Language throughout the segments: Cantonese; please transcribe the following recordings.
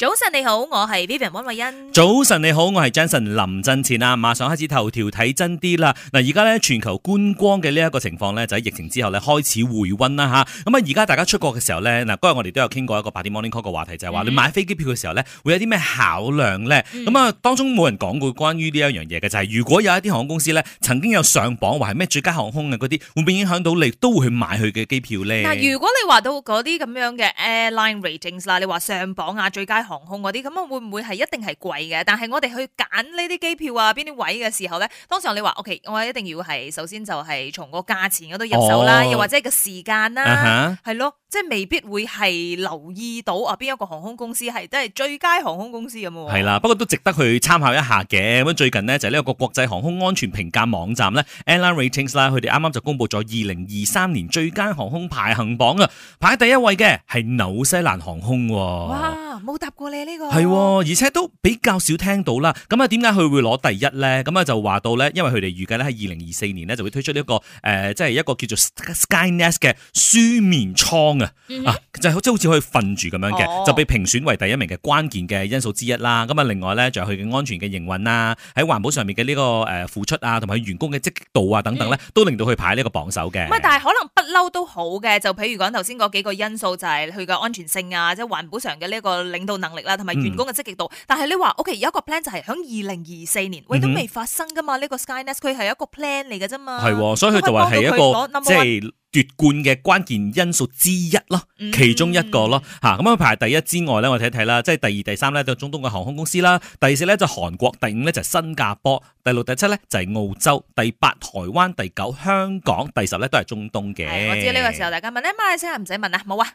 早晨你好，我係 Vivian 溫慧欣。早晨你好，我係 Jensen 林振前啊！馬上開始頭條睇真啲啦。嗱，而家咧全球觀光嘅呢一個情況咧，就喺疫情之後咧開始回溫啦吓。咁啊，而家大家出國嘅時候咧，嗱，今日我哋都有傾過一個八點 morning call 嘅話題，就係、是、話你買飛機票嘅時候咧，會有啲咩考量咧？咁、嗯、啊，當中冇人講過關於呢一樣嘢嘅，就係、是、如果有一啲航空公司咧，曾經有上榜或係咩最佳航空嘅嗰啲，會唔會影響到你都會去買佢嘅機票咧？嗱，如果你話到嗰啲咁樣嘅 airline ratings 啦，你話上榜啊最佳，航空嗰啲咁啊，會唔會係一定係貴嘅？但係我哋去揀呢啲機票啊，邊啲位嘅時候咧，當時你話 OK，我一定要係首先就係從個價錢嗰度入手啦，哦、又或者個時間啦，係、啊、咯，即、就、係、是、未必會係留意到啊邊一個航空公司係即係最佳航空公司咁、啊。係啦，不過都值得去參考一下嘅。咁最近呢，就呢個個國際航空安全評價網站咧 Airline Ratings 啦，佢哋啱啱就公布咗二零二三年最佳航空排行榜啊，排第一位嘅係紐西蘭航空、啊。冇答過你呢、啊、個係、哦，而且都比較少聽到啦。咁啊，點解佢會攞第一咧？咁啊，就話到咧，因為佢哋預計咧喺二零二四年咧就會推出呢一個誒、呃，即係一個叫做 Sky Nest 嘅舒眠倉啊，就即係好似可以瞓住咁樣嘅，就被評選為第一名嘅關鍵嘅因素之一啦。咁啊，另外咧就係佢嘅安全嘅營運啊，喺環保上面嘅呢個誒付出啊，同埋員工嘅積極度啊等等咧，都令到佢排呢個榜首嘅。唔但係可能不嬲都好嘅，就譬如講頭先嗰幾個因素就係佢嘅安全性啊，即係環保上嘅呢個。領導能力啦，同埋員工嘅積極度。嗯、但係你話，OK，有一個 plan 就係響二零二四年，喂、嗯、都未發生噶嘛？呢、呢個 Skyness 佢係一個 plan 嚟㗎啫嘛。係、哦，所以佢就話係一個即係。奪冠嘅關鍵因素之一咯，其中一個咯吓，咁樣排第一之外咧，我睇一睇啦，即係第二、第三咧就中東嘅航空公司啦，第四咧就韓國，第五咧就新加坡，第六、第七咧就澳洲，第八台灣，第九香港，第十咧都係中東嘅。我知呢個時候大家問咧，馬、 okay, 里西亞唔使問啊，冇啊。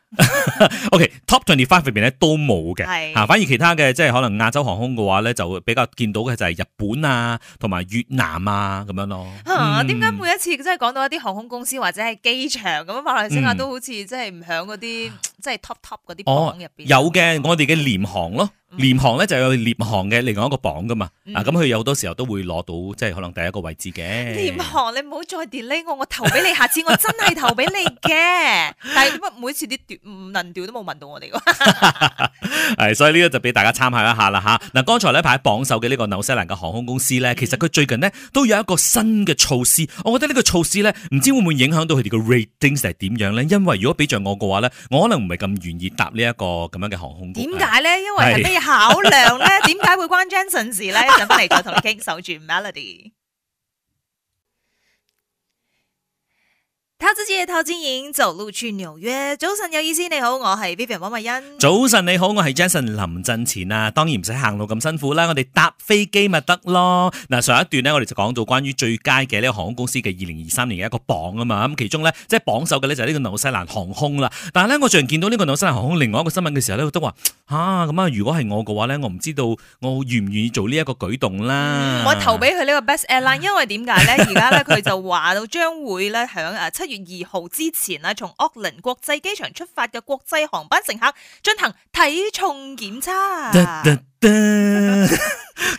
OK，Top twenty five 入邊咧都冇嘅，吓，反而其他嘅即係可能亞洲航空嘅話咧，就會比較見到嘅就係日本啊，同埋越南啊咁樣咯。吓、嗯，點解每一次真係講到一啲航空公司或者係機市場咁樣，馬來西亞都好似即係唔響嗰啲。即係 top top 嗰啲榜入邊、哦、有嘅，我哋嘅廉航咯，嗯、廉航咧就有廉航嘅另外一個榜噶嘛。嗯、啊，咁佢有好多時候都會攞到即係可能第一個位置嘅廉航。你唔好再 delay 我，我投俾你。下次我真係投俾你嘅。 但係點解每次啲唔能調都冇問到我哋喎。係， 所以呢個就俾大家參考一下啦嚇。嗱、啊，剛才呢排喺榜首嘅呢個紐西蘭嘅航空公司咧，嗯、其實佢最近呢都有一個新嘅措施。我覺得呢個措施咧，唔知會唔會影響到佢哋嘅 ratings 係點樣咧？因為如果俾着我嘅話咧，我可能唔。係咁願意搭呢一個咁樣嘅航空？點解咧？因為係咩考量咧？點 解會關 Jensen 事咧？就翻嚟再同你傾，守住 Melody。 偷資助，透經營，走路去紐約。早晨有意思，你好，我係 Vivian 汪慧欣。早晨你好，我係 Jason 林振前啊。當然唔使行路咁辛苦啦，我哋搭飛機咪得咯。嗱，上一段咧，我哋就講到關於最佳嘅呢個航空公司嘅二零二三年嘅一個榜啊嘛。咁其中咧，即係榜首嘅咧就係呢個紐西蘭航空啦。但係咧，我最近見到呢個紐西蘭航空另外一個新聞嘅時候咧，我都話。吓咁啊！如果係我嘅話咧，我唔知道我願唔願意做呢一個舉動啦、嗯。我投俾佢呢個 best airline，因為點解咧？而家咧佢就話到將會咧響啊七月二號之前啦，從奧克蘭國際機場出發嘅國際航班乘客進行體重檢查。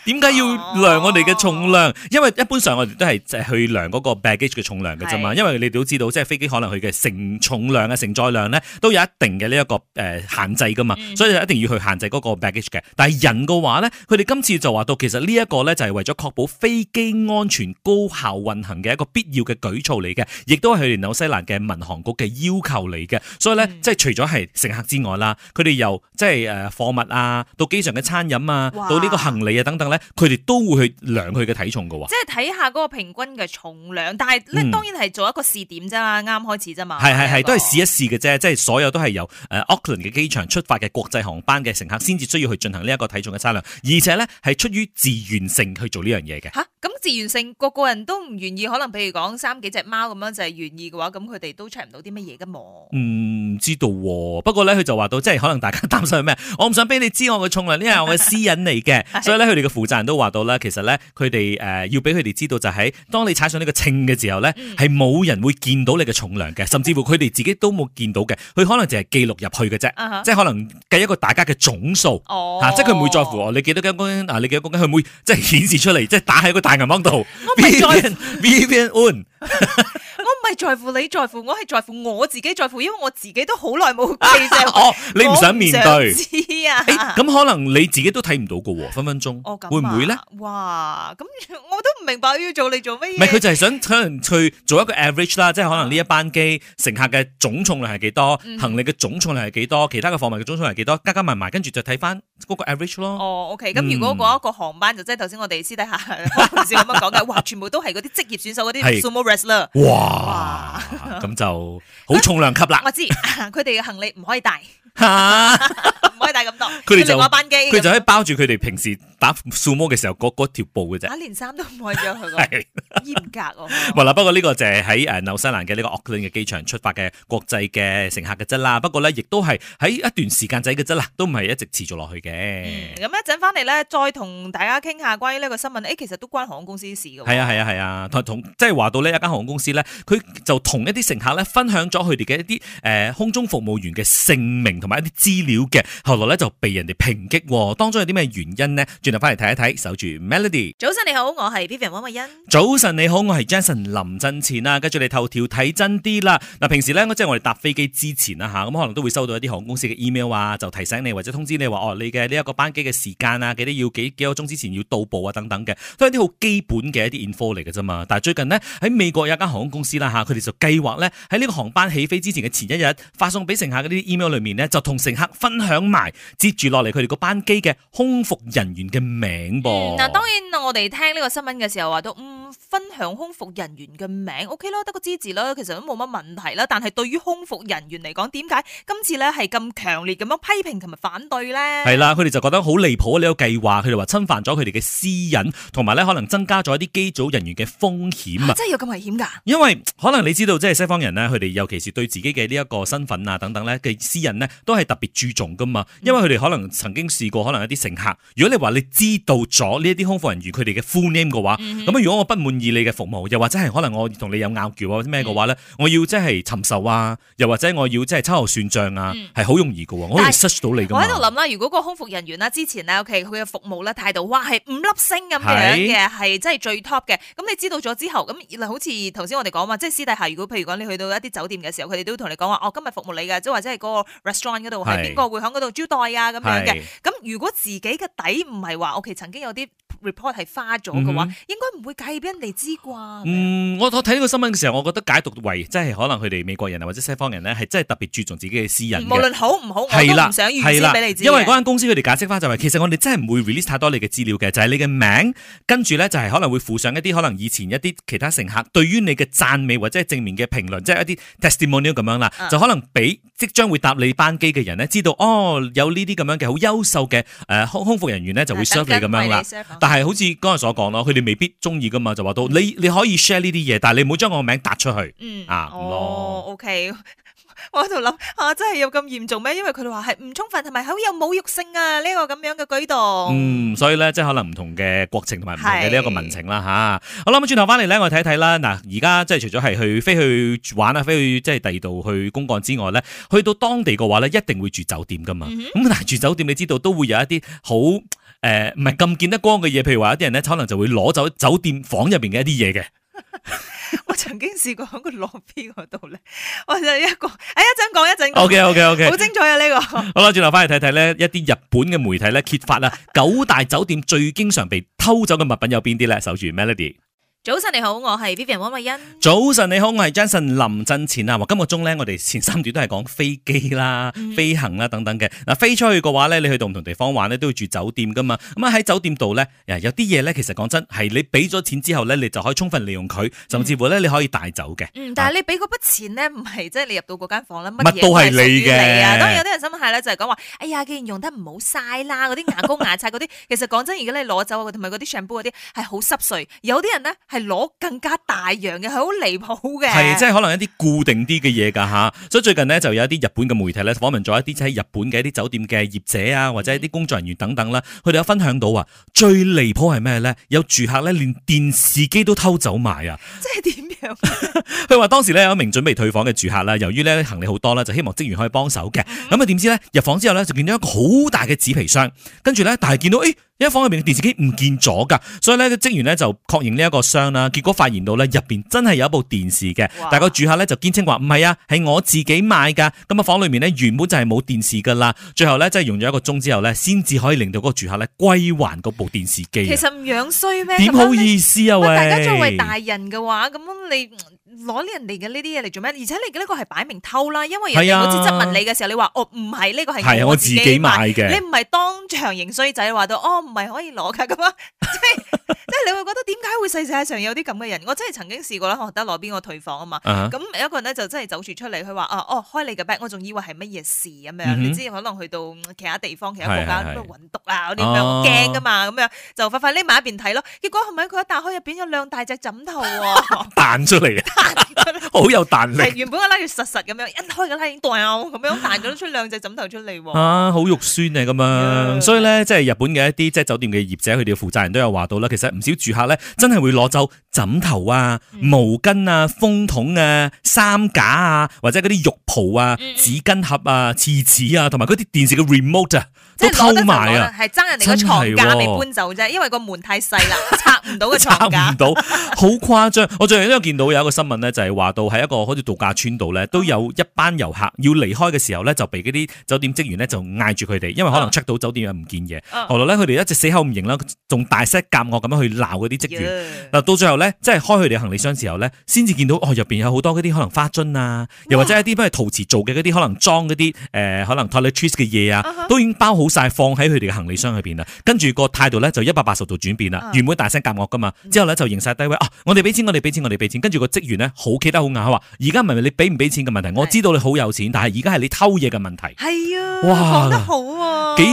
點解要量我哋嘅重量？哦、因為一般上我哋都係去量嗰個 baggage 嘅重量嘅啫嘛。因為你哋都知道，即、就、係、係、飛機可能佢嘅承重量啊、承載量呢，都有一定嘅呢一個限制噶嘛。嗯、所以一定要去限制嗰個 baggage 嘅。但係人嘅話呢，佢哋今次就話到，其實呢一個呢，就係為咗確保飛機安全高效運行嘅一個必要嘅舉措嚟嘅，亦都係佢哋紐西蘭嘅民航局嘅要求嚟嘅。所以呢，嗯、即係除咗係乘客之外啦，佢哋由即係誒貨物啊，到機場嘅餐飲啊，到呢個行李啊等等佢哋都會去量佢嘅體重噶喎、嗯，即係睇下嗰個平均嘅重量。但係咧，當然係做一個試點啫嘛，啱開始啫嘛。係係係，都係試一試嘅啫。即係所有都係由誒奧克蘭嘅機場出發嘅國際航班嘅乘客，先至需要去進行呢一個體重嘅測量，而且咧係出於自願性去做呢樣嘢嘅。吓、啊，咁自願性個個人都唔願意，可能譬如講三幾隻貓咁樣就係願意嘅話，咁佢哋都 check 唔到啲乜嘢噶嘛。嗯。唔知道、哦、不過咧佢就話到，即係可能大家擔心咩？我唔想俾你知我嘅重量，呢係我嘅私隱嚟嘅。 的所以咧，佢哋嘅負責人都話到咧，其實咧佢哋誒要俾佢哋知道、就是，就喺當你踩上呢個秤嘅時候咧，係、嗯、冇人會見到你嘅重量嘅，甚至乎佢哋自己都冇見到嘅。佢可能就係記錄入去嘅啫，uh-huh、即係可能計一個大家嘅總數。Uh-huh、即係佢唔會在乎我你幾多斤公斤啊？你幾多公斤？佢唔會即係顯示出嚟，即係打喺個大銀包度。Oh 唔係在乎你，在乎我係在，在乎我自己在乎，因為我自己都好耐冇記性。 哦，你唔想面對？ 想知啊、 欸，咁可能你自己都睇唔到嘅喎，分分鐘、哦啊、會唔會咧？哇！咁我都唔明白要做你做乜嘢？唔係佢就係想可能去做一個 average 啦，即係可能呢一班機乘客嘅總重量係幾多、嗯，行李嘅總重量係幾多，其他嘅貨物嘅總重量係幾多，加加埋埋，跟住就睇翻。嗰、那個 average 咯，哦，OK，咁如果講一個航班、嗯、就即係頭先我哋私底下唔知咁樣講嘅，哇，全部都係嗰啲職業選手嗰啲 sumo wrestler 啦，哇，咁就好重量級啦，啊，我知佢哋嘅行李唔可以帶。吓，唔可以帶咁多。佢哋就佢就喺包住佢哋平時打掃模嘅時候嗰嗰條布嘅啫。連衫都唔可以着佢，嚴格喎，係啦，不過呢個就係喺誒紐西蘭嘅呢個奧克蘭嘅機場出發嘅國際嘅乘客嘅質啦。不過咧，亦都係喺一段時間仔嘅質啦，都唔係一直持續落去嘅。咁一陣翻嚟咧，再同大家傾下關於呢個新聞。誒，其實都關航空公司的事嘅。係 啊，係啊，係啊。同同即係話到呢一間航空公司咧，佢就同一啲乘客咧分享咗佢哋嘅一啲誒、呃、空中服務員嘅姓名。同埋一啲資料嘅，後來咧就被人哋抨擊，當中有啲咩原因呢？轉頭翻嚟睇一睇，守住 Melody。早晨你好，我係 Vivian 溫慧欣。早晨你好，我係 Jason 林振前啦。跟住你頭條睇真啲啦。嗱，平時咧即係我哋搭飛機之前啦嚇，咁可能都會收到一啲航空公司嘅 email 啊，就提醒你或者通知你話哦，你嘅呢一個班機嘅時間啊，幾啲要幾幾多鐘之前要到埗啊等等嘅，都係啲好基本嘅一啲 info 嚟嘅啫嘛。但係最近呢，喺美國有間航空公司啦嚇，佢哋就計劃咧喺呢個航班起飛之前嘅前一日發送俾乘客嗰啲 email 裏面咧。就同乘客分享埋，接住落嚟佢哋個班機嘅空服人員嘅名噃。嗱、嗯，當然我哋聽呢個新聞嘅時候話，都、嗯、唔分享空服人員嘅名，OK 咯，得個之字啦,其實都冇乜問題啦。但係對於空服人員嚟講，點解今次咧係咁強烈咁樣批評同埋反對咧？係啦，佢哋就覺得好離譜啊！呢、這個計劃，佢哋話侵犯咗佢哋嘅私隱，同埋咧可能增加咗一啲機組人員嘅風險啊！即係有咁危險噶？因為可能你知道，即係西方人咧，佢哋尤其是對自己嘅呢一個身份啊等等咧嘅私隱咧。都係特別注重噶嘛，因為佢哋可能曾經試過可能一啲乘客。如果你話你知道咗呢一啲空服人員佢哋嘅 full name 嘅話，咁、嗯、如果我不滿意你嘅服務，又或者係可能我同你有拗撬啊咩嘅話咧、嗯，我要即係尋仇啊，又或者我要即係秋後算賬啊，係、嗯、好容易嘅喎，我可以 search 到你嘅。我喺度諗啦，如果個空服人員啦之前咧 OK 佢嘅服務咧態度，哇係五粒星咁樣嘅，係真係最 top 嘅。咁你知道咗之後，咁好似頭先我哋講話，即係私底下如果譬如講你去到一啲酒店嘅時候，佢哋都同你講話，哦，今日服務你嘅，即或者係個嗰度係邊個會喺嗰度招待啊？咁樣嘅，咁如果自己嘅底唔係話，我其實曾經有啲。report 係花咗嘅話，嗯，應該唔會介意俾人哋知啩。嗯，我我睇呢個新聞嘅時候，我覺得解讀為即係可能佢哋美國人啊，或者西方人咧，係真係特別注重自己嘅私隱的。無論好唔好，我都唔想預知俾你知的。因為嗰間公司佢哋解釋翻就係、是，其實我哋真係唔會 release 太多你嘅資料嘅，就係、是，你嘅名字，跟住咧就係可能會附上一啲可能以前一啲其他乘客對於你嘅讚美或者係正面嘅評論，即、就、係、是、一啲 testimonial 咁樣啦、啊，就可能俾即將會搭你班機嘅人咧知道，哦，有呢啲咁樣嘅好優秀嘅誒空空服人員咧就會 serve 你咁樣啦。但係好似剛才所講咯，佢哋未必中意噶嘛，就話到你你可以 share 呢啲嘢，但係你唔好將我個名搭出去。嗯啊，咯、哦。哦、o、okay. k 我喺度諗啊，真係有咁嚴重咩？因為佢哋話係唔充分，同埋好有侮辱性啊！呢、這個咁樣嘅舉動。嗯，所以咧，即係可能唔同嘅國情同埋唔同嘅呢一個民情啦，吓、啊。好啦，咁轉頭翻嚟咧，我睇睇啦。嗱，而家即係除咗係去飛去玩啊，飛去即係第二度去公幹之外咧，去到當地嘅話咧，一定會住酒店噶嘛。咁、嗯、但係住酒店，你知道都會有一啲好。誒、呃，唔係咁見得光嘅嘢，譬如話有啲人咧，可能就會攞走酒店房入邊嘅一啲嘢嘅。我曾經試過喺個落邊嗰度咧，我就一個，誒一陣講一陣。OK OK OK，好精彩啊呢個。 好啦，轉頭翻嚟睇睇咧，一啲日本嘅媒體咧揭發啦，九大酒店最經常被偷走嘅物品有邊啲咧？守住 Melody。早晨你好，我係 Vivian 溫慧欣。早晨你好，我係 Jansen 林振前啊！話今個鐘咧，我哋前三段都係講飛機啦、嗯、飛行啦等等嘅。嗱，飛出去嘅話咧，你去到唔同地方玩咧，都要住酒店噶嘛。咁啊喺酒店度咧，有啲嘢咧，其實講真係你俾咗錢之後咧，你就可以充分利用佢，甚至乎咧你可以帶走嘅，嗯啊。嗯，但係你俾嗰筆錢咧，唔係即係你入到嗰間房啦，乜嘢都係屬於你啊！當然有啲人想問下咧，就係講話，哎呀，既然用得唔好，嘥啦，嗰啲牙膏 牙刷嗰啲，其實講真，而家你攞走啊，同埋嗰啲 shampoo 嗰啲係好濕碎。有啲人咧。係攞更加大洋嘅，係好離譜嘅。係，即係可能一啲固定啲嘅嘢噶吓。所以最近呢，就有一啲日本嘅媒體咧訪問咗一啲喺日本嘅一啲酒店嘅業者啊，或者一啲工作人員等等啦，佢哋有分享到啊，最離譜係咩呢？有住客咧連電視機都偷走埋啊！即係點樣？佢 話當時呢，有一名準備退房嘅住客啦，由於咧行李好多啦，就希望職員可以幫手嘅。咁啊點知呢？入房之後呢，就見到一個好大嘅紙皮箱，跟住呢，但係見到誒。因為房裏面嘅電視機唔見咗噶，所以咧個職員咧就確認呢一個箱啦，結果發現到咧入邊真係有一部電視嘅，但係個住客咧就堅稱話唔係啊，係我自己買噶，咁啊房裏面咧原本就係冇電視噶啦，最後咧即係用咗一個鐘之後咧，先至可以令到個住客咧歸還嗰部電視機。其實唔樣衰咩？點好意思啊？喂，大家作為大人嘅話，咁你。攞呢人哋嘅呢啲嘢嚟做咩？而且你嘅呢個係擺明偷啦，因為人哋好似質問你嘅時候，你話哦唔係呢個係係我自己買嘅，你唔係當場認衰仔話到哦唔係可以攞嘅咁樣，即係即係你會覺得點解會世世上有啲咁嘅人？我真係曾經試過啦，我得攞邊個退房啊嘛，咁、uh-huh. 一個人咧就真係走住出嚟，佢話啊哦開你嘅 bag 我仲以為係乜嘢事咁樣，uh-huh. 你知可能去到其他地方、其他國家搵 毒啊嗰啲咩，驚噶嘛咁、uh-huh. 樣，就快快匿埋一邊睇咯。結果係咪佢一打開入邊有兩大隻枕頭喎、啊？彈 出嚟嘅。 好有彈力， 原本我拉住實實咁樣，一開個拉鍊袋啊，咁樣彈咗出兩隻枕頭出嚟喎。啊，好肉酸啊咁啊！所以咧，即係日本嘅一啲即係酒店嘅業者，佢哋嘅負責人都有話到啦。其實唔少住客咧，真係會攞走枕頭啊、毛巾啊、風筒啊、衫架啊，或者嗰啲浴袍啊、紙巾盒啊、廁紙啊，同埋嗰啲電視嘅 remote 啊的，都偷埋啊，係爭人哋個牀架你搬走啫。哦、因為個門太細啦，拆唔到個牀架 拆唔到，好誇張。 我最近都有見到有一個新聞。就係話到喺一個好似度假村度咧，都有一班遊客要離開嘅時候咧，就俾嗰啲酒店職員咧就嗌住佢哋，因為可能 check 到酒店又唔見嘢，後來咧佢哋一直死口唔認啦，仲大聲夾惡咁樣去鬧嗰啲職員。嗱到最後咧，即係開佢哋嘅行李箱時候咧，先至見到入邊有好多嗰啲可能花樽啊，又或者一啲都係陶瓷做嘅嗰啲可能裝嗰啲誒可能 toiletries 嘅嘢啊，都已經包好晒放喺佢哋嘅行李箱裏邊啦。跟住個態度咧就一百八十度轉變啦，原本大聲夾惡噶嘛，之後咧就認曬低威、啊、我哋俾錢，我哋俾錢，我哋俾錢。跟住個職員咧。好企得好硬話，而家唔係你俾唔俾錢嘅問題？我知道你好有錢，但係而家係你偷嘢嘅問題。係啊，哇，講得好啊，幾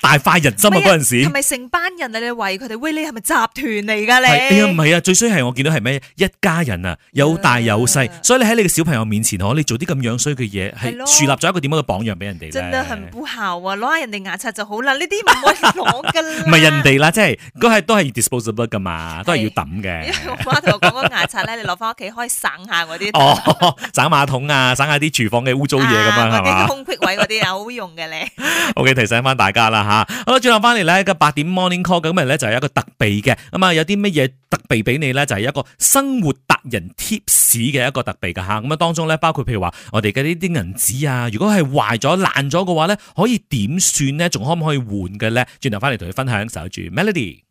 大快人心啊嗰陣、啊、時。係咪成班人啊？你圍佢哋，喂，你係咪集團嚟噶你？係啊，唔、哎、係啊，最衰係我見到係咩？一家人啊，有大有細，所以你喺你嘅小朋友面前，可你做啲咁樣衰嘅嘢，係樹立咗一個點樣嘅榜樣俾人哋真係唔不孝啊！攞下人哋牙刷就好 啦，呢啲唔可以攞噶啦。唔係人哋啦，即係嗰係都係 disposable 噶嘛，都係要抌嘅。哇，同我講嗰牙刷咧， 你攞翻屋企開。省下嗰啲哦， 省馬桶啊，省下啲廚房嘅污糟嘢咁樣，係啲空隙位嗰啲啊， 好用嘅咧。OK，提醒翻大家啦吓， 好啦，轉頭翻嚟咧，個八點 Morning Call 今日咧就係一個特備嘅，咁啊有啲乜嘢特備俾你咧，就係、是、一個生活達人貼士嘅一個特備噶吓。咁啊當中咧包括譬如話我哋嘅呢啲銀紙啊，如果係壞咗爛咗嘅話咧，可以點算咧？仲可唔可以換嘅咧？轉頭翻嚟同你分享，守住 Melody。